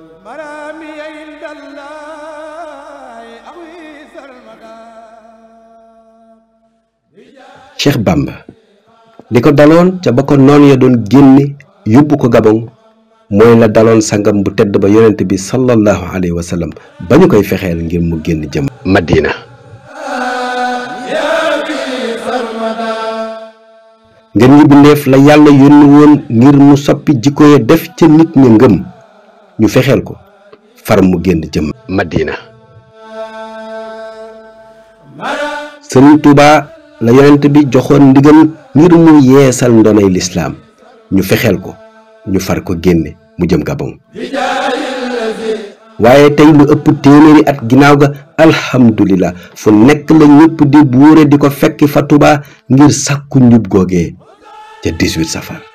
مرامي عند الله Bamba li ko daloon ca ba ko noon ya doon génne yóbbu ko Gabon mooy la daloon sangam bu tedd ba yonent bi sallallahu alayhi wa ba ñu koy fexeel ngir mu génn jëm Madina ngeen bindeef la yàlla yónni ngir mu soppi jikko ya def ca nit ñi ngëm ñu fexeel ko far mu génn jëm Madina sëriñ tubaa la yonent bi joxoon ndigal ngir mu yeesal ndonay lislaam ñu fexeel ko ñu far ko génne mu jëm Gabon waaye tey lu ëpp téeméeri ak ginnaaw ga alhamdulilah fu nekk la ñëpp di buure di ko fekk fa tubaa ngir sàkku njub googe ca safar